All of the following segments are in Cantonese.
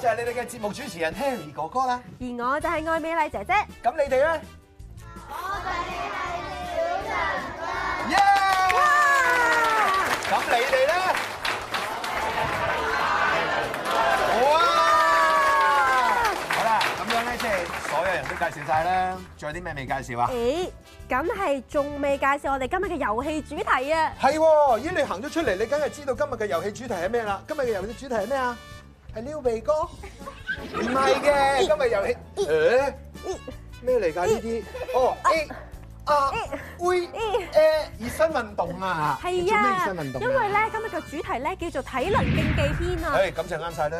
就係你哋嘅節目主持人 Henry 哥哥啦，而我就係愛美麗姐姐。咁你哋咧？我哋係小強。咁你哋咧？哇！好啦，咁樣咧即係所有人都介紹曬啦。仲有啲咩未介紹啊？誒，梗係仲未介紹我哋今日嘅遊戲主題啊！係喎，咦，你行咗出嚟，你梗係知道今日嘅遊戲主題係咩啦？今日嘅遊戲主題係咩啊？係撩鼻哥，唔係嘅，今日遊戲，誒咩嚟㗎呢啲？哦。Oh, 誒，會誒，熱身運動啊，係啊，熱身運動，因為咧今日嘅主題咧叫做體能競技篇啊。係，感謝啱晒咧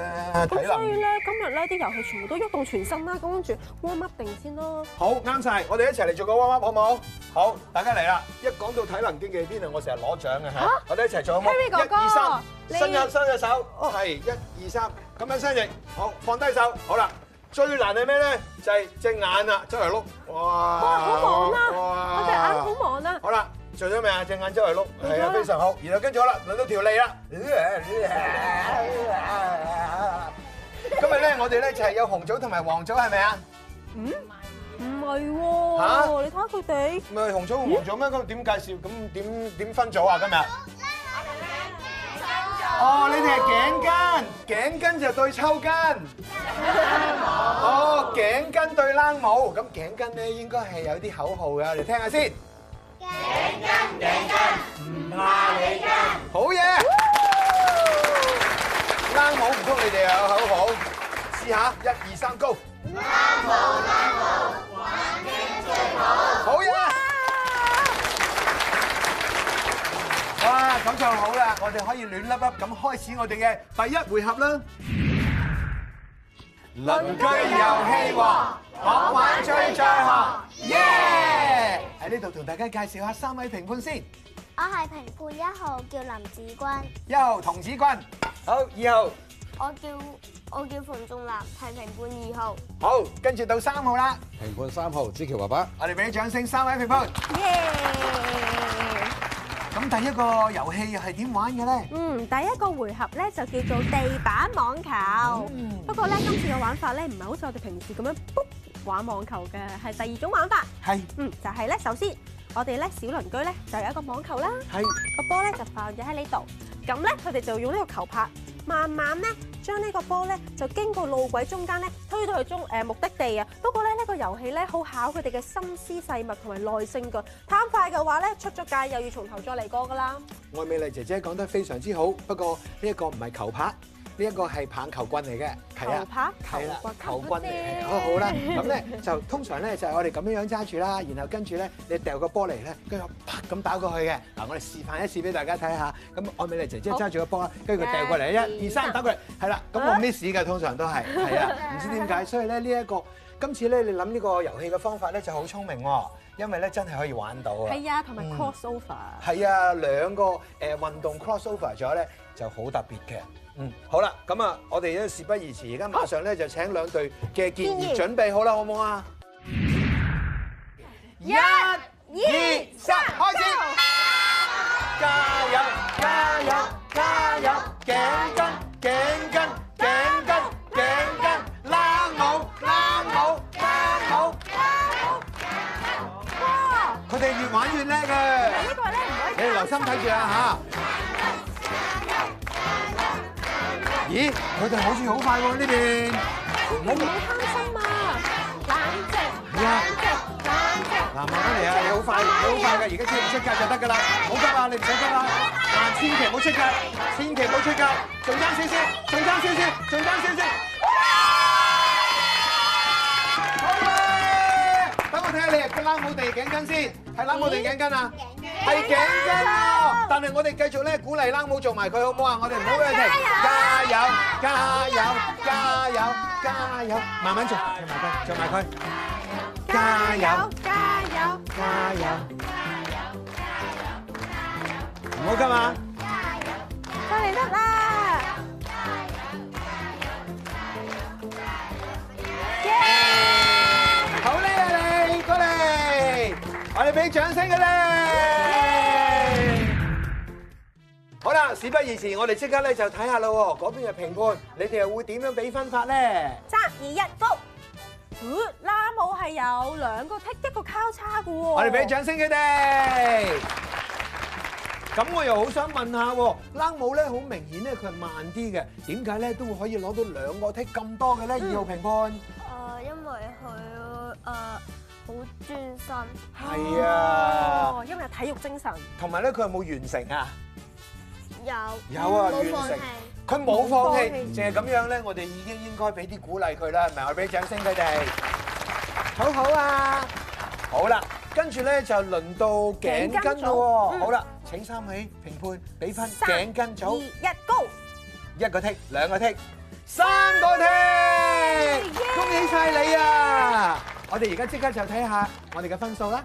體能。所以咧今日咧啲遊戲全部都喐動全身啦，咁跟住 warm up 定先咯。好，啱晒，我哋一齊嚟做個 warm up 好唔好？好，大家嚟啦！一講到體能競技篇啊，我成日攞獎嘅吓，我哋一齊做啊！一二三，伸一伸隻手，係一二三，咁樣伸隻，好，放低手，好啦。最難係咩咧？就係隻眼啊，周圍碌，哇！哇，好忙啊，哇，隻眼好忙啊。好啦，做咗未啊？隻眼周圍碌，係啊，非常好。然後跟住好啦，輪到條脷啦。今日咧，我哋咧就係有紅組同埋黃組，係咪啊？啊嗯？唔係喎？你睇下佢哋。咪紅組黃組咩？咁點介紹？咁點點分組啊？今日？哦，你哋係頸巾，頸巾就對抽筋。哦，頸巾對冷帽。咁頸巾咧應該係有啲口號嘅，嚟聽下先。頸巾，頸巾，唔怕你驚。好嘢！冷帽唔通你哋又有口號？試下，一、二、三，高。冷帽，冷帽，環境最好。好嘢！哇，咁就好啦。我哋可以亂甩甩咁開始我哋嘅第一回合啦！鄰居遊戲喎，講玩最在行，耶！喺呢度同大家介紹下三位評判先。我係評判一號，叫林子軍。一號童子軍，好。二號，我叫我叫馮仲立，係評判二號。好，跟住到三號啦。評判三號，子喬爸爸。我哋俾啲掌聲，三位評判耶。咁第一個遊戲又係點玩嘅咧？嗯，第一個回合咧就叫做地板網球。嗯，不過咧今次嘅玩法咧唔係好似我哋平時咁樣卜玩網球嘅，係第二種玩法。係。嗯，就係咧。首先，我哋咧小鄰居咧就有一個網球啦。係。個波咧就放咗喺呢度。咁咧佢哋就用呢個球拍。慢慢咧，將呢個波咧就經過路軌中間咧推到去中誒目的地啊。不過咧呢個遊戲咧好考佢哋嘅心思細密同埋耐性噶，貪快嘅話咧出咗界又要從頭再嚟過噶啦。愛美麗姐姐講得非常之好，不過呢一個唔係球拍。呢一個係棒球棍嚟嘅，係啊，球拍，係啦，球棍嚟嘅，好好啦，咁咧就通常咧就係我哋咁樣樣揸住啦，然後跟住咧你掉個波嚟咧，跟住啪咁打過去嘅。嗱，我哋示範一次俾大家睇下，咁我美麗姐姐揸住個波啦，跟住佢掉過嚟，一、二、三，打過嚟，係啦，咁我 miss 嘅，通常都係，係啊，唔知點解，所以咧呢一個。今次咧，你諗呢個遊戲嘅方法咧，就好聰明喎，因為咧真係可以玩到嘅。係啊，同埋 cross over。係啊，兩個誒運動 cross over 咗咧，就好特別嘅。嗯，好啦，咁啊，我哋咧事不宜遲，而家馬上咧就請兩隊嘅健兒準備好啦，好唔好啊？一、二、三，開始！加油！加油！加油！嘅。留心睇住啊嚇！咦，佢哋好似好快喎呢邊。你唔好貪心啊！冷靜，冷靜，冷靜。嗱，慢慢嚟啊！你好快，你好快㗎，而家跳唔出界就得噶啦。好急啊！你唔使急啦，但千祈唔好出界，千祈唔好出界。仲爭少少，仲爭少少，仲爭少少。好啦，等我睇下你係攬我哋頸巾先，係攬我哋頸巾啊！係頸筋，但係我哋繼續咧鼓勵啦，冇做埋佢好唔好啊？我哋唔好俾佢停，加油，加油，加油，加油，慢慢做，做埋佢，做埋佢，加油，加油，加油，加油，加油，加油，唔好㗎嘛，得嚟得啦，好叻啊你，過嚟，我哋俾掌聲佢啦。事不宜遲，我哋即刻咧就睇下啦喎。嗰邊嘅評判，嗯、你哋又會點樣俾分法咧？三二一，Go！、哦、拉姆係有兩個剔一個交叉嘅喎。我哋俾掌聲佢哋。咁、啊、我又好想問下喎，拉姆咧好明顯咧佢係慢啲嘅，點解咧都會可以攞到兩個剔咁多嘅咧？二號評判。誒，因為佢誒好專心。係啊，因為體育精神。同埋咧，佢有冇完成啊？有有啊，完成。佢冇放棄，淨係咁樣咧，我哋已經應該俾啲鼓勵佢啦，係咪？我俾掌聲佢哋，好好啊！好啦，跟住咧就輪到頸巾咯喎。好啦，請三位評判俾返。頸巾組，一 go，一個剔，兩個剔，三個剔。恭喜晒你啊！我哋而家即刻就睇下我哋嘅分數啦。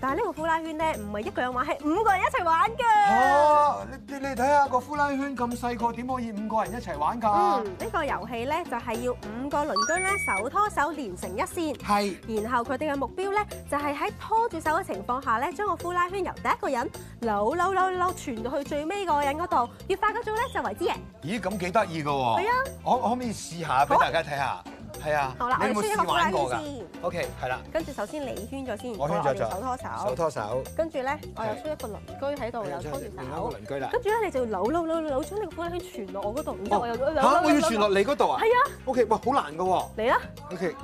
但係呢個呼啦圈咧，唔係一個人玩，係五個人一齊玩㗎。嚇！你你睇下個呼啦圈咁細個，點可以五個人一齊玩㗎？嗯，呢個遊戲咧就係要五個鄰居咧手拖手連成一線。係。是 然後佢哋嘅目標咧就係喺拖住手嘅情況下咧，將個呼啦圈由第一個人扭扭扭扭傳到去最尾個人嗰度，越快嗰組咧就為之贏。嗯。咦，咁幾得意㗎喎！係啊，我可唔可以試下俾大家睇下？係啊，好啦，我哋輸一個呼啦圈先。O K，係啦。跟住首先你圈咗先，我圈咗先，手拖手，手拖手。跟住咧，我又輸一個鄰居喺度，又拖住手。第一個鄰居啦。跟住咧，你就扭扭扭扭將你個呼啦圈傳落我嗰度，然之後我又扭扭扭扭。嚇！我要傳落你嗰度啊？係啊。O K，哇，好難㗎喎。嚟啦。O K，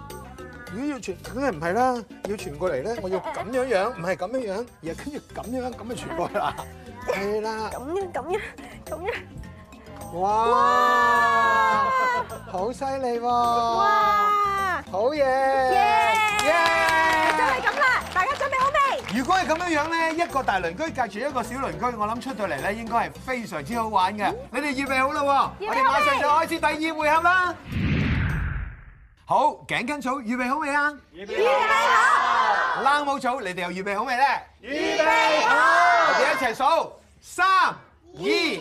如果要傳，梗係唔係啦？要傳過嚟咧，我要咁樣樣，唔係咁樣樣，然後跟住咁樣咁咪傳過去啦。係啦。咁樣，咁樣，咁樣。哇！好犀利喎！哇！好嘢！耶！耶！就係咁啦，大家準備好未？如果係咁樣樣咧，一個大鄰居隔住一個小鄰居，我諗出到嚟咧，應該係非常之好玩嘅。你哋預備好啦，我哋馬上就開始第二回合啦。好，頸根組預備好未啊？預備好。冷帽組，你哋又預備好未咧？預備好。我哋一齊數三二一。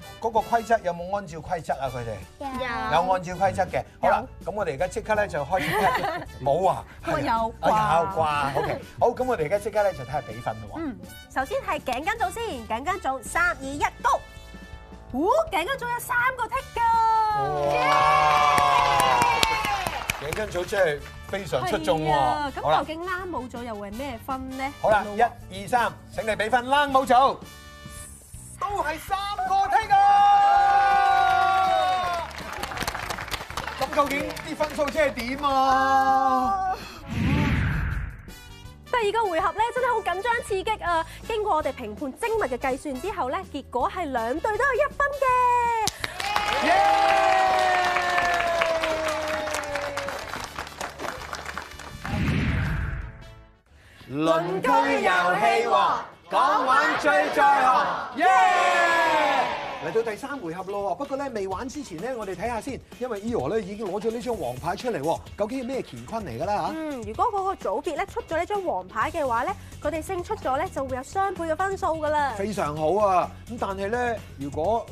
嗰個規則有冇按照規則啊？佢哋有有按照規則嘅。好啦，咁我哋而家即刻咧就開始。冇啊，係啊，有掛。有掛。O K，好，咁我哋而家即刻咧就睇下比分喇喎。首先係頸巾組先，頸巾組三二一到。哇！頸巾組有三個剔㗎。頸巾組真係非常出眾喎。咁究竟冷帽組又會係咩分咧？好啦，一二三，請你俾分冷帽組。都係三個。究竟啲分數即係點啊？第二個回合咧，真係好緊張刺激啊！經過我哋評判精密嘅計算之後咧，結果係兩隊都有一分嘅。耶！輪圈遊戲，講玩最在行。嚟到第三回合咯，不過咧未玩之前咧，我哋睇下先看看，因為 Ero 咧已經攞咗呢張黃牌出嚟喎，究竟係咩乾坤嚟㗎啦嚇？嗯，如果嗰個組別咧出咗呢張黃牌嘅話咧，佢哋勝出咗咧就會有雙倍嘅分數㗎啦。非常好啊，咁但係咧，如果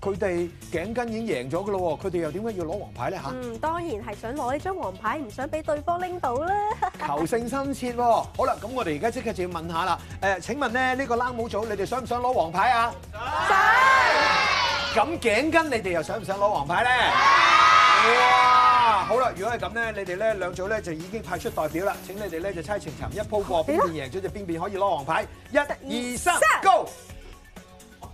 佢哋、嗯、頸巾已經贏咗㗎啦，佢哋又點解要攞黃牌咧嚇？嗯，當然係想攞呢張黃牌，唔想俾對方拎到啦 。求勝心切喎，好啦，咁我哋而家即刻就要問下啦，誒，請問咧呢個拉姆組，你哋想唔想攞黃牌啊？咁頸巾你哋又想唔想攞黃牌咧？哇！好啦，如果係咁咧，你哋咧兩組咧就已經派出代表啦。請你哋咧就猜情尋一鋪過，邊邊贏咗就邊邊可以攞黃牌。一、二、三，Go！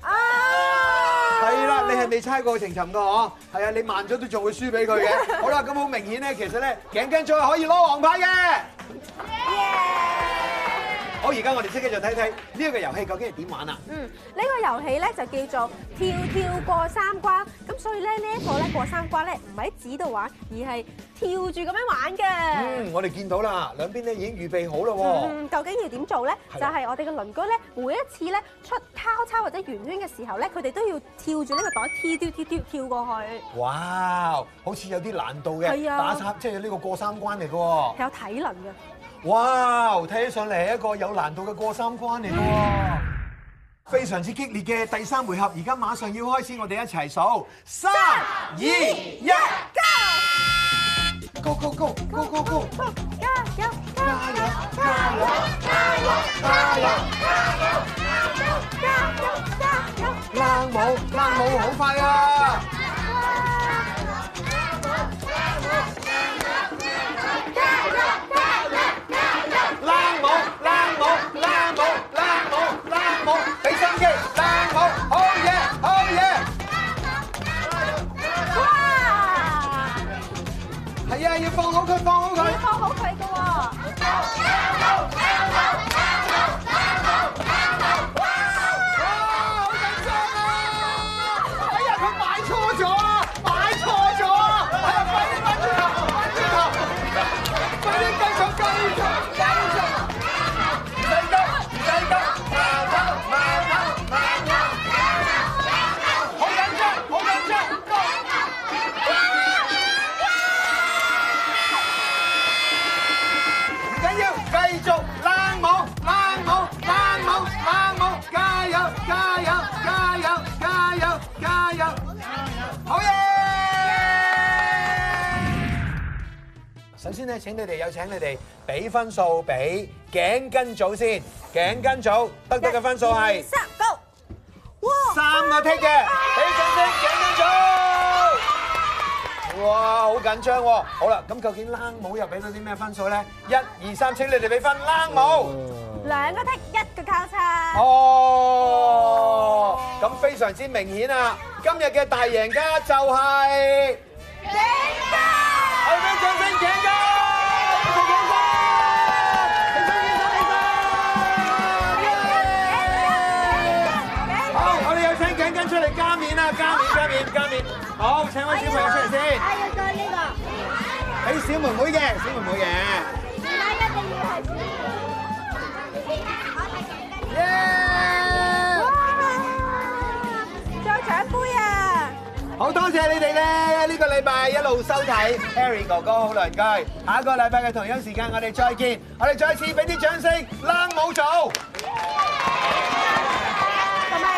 係啦，你係未猜過情尋㗎嗬？係啊，你慢咗都仲會輸俾佢嘅。好啦，咁好明顯咧，其實咧頸巾組係可以攞黃牌嘅。好，而家我哋即刻就睇一睇呢個遊戲究竟係點玩啊？嗯，呢個遊戲咧就叫做跳跳過三關。咁所以咧呢一個咧過三關咧唔喺紙度玩，而係跳住咁樣玩嘅。嗯，我哋見到啦，兩邊咧已經預備好啦喎。嗯，究竟要點做咧？就係我哋嘅鄰居咧，每一次咧出交叉或者圓圈嘅時候咧，佢哋都要跳住呢個袋，跳跳跳跳跳過去。哇，好似有啲難度嘅，打叉即係呢個過三關嚟㗎喎。有體能嘅。哇！睇起上嚟係一個有難度嘅過三關嚟嘅喎，非常之激烈嘅第三回合，而家馬上要開始，我哋一齊數三二一，Go！Go！Go！Go！Go！Go！一、一、一、一。首先咧，請你哋有請你哋俾分數俾頸巾組先，頸巾組得到嘅分數係？三 go，哇，三個剔嘅俾頸巾組，哇，好緊張喎。好啦，咁究竟冷帽又俾到啲咩分數咧？一二三，請你哋俾分冷帽。兩個剔，一個交叉。哦，咁非常之明顯啊！今日嘅大贏家就係頸巾。出嚟加麵啦！加麵加麵加麵，好，請位小朋友出嚟先。係要做呢個，俾小妹妹嘅，小妹妹嘅。一定要係。做獎盃啊！好多謝你哋咧，呢個禮拜一路收睇，Harry 哥哥好鄰居，下一個禮拜嘅同樣時間我哋再見，我哋再次俾啲掌聲，冷帽組。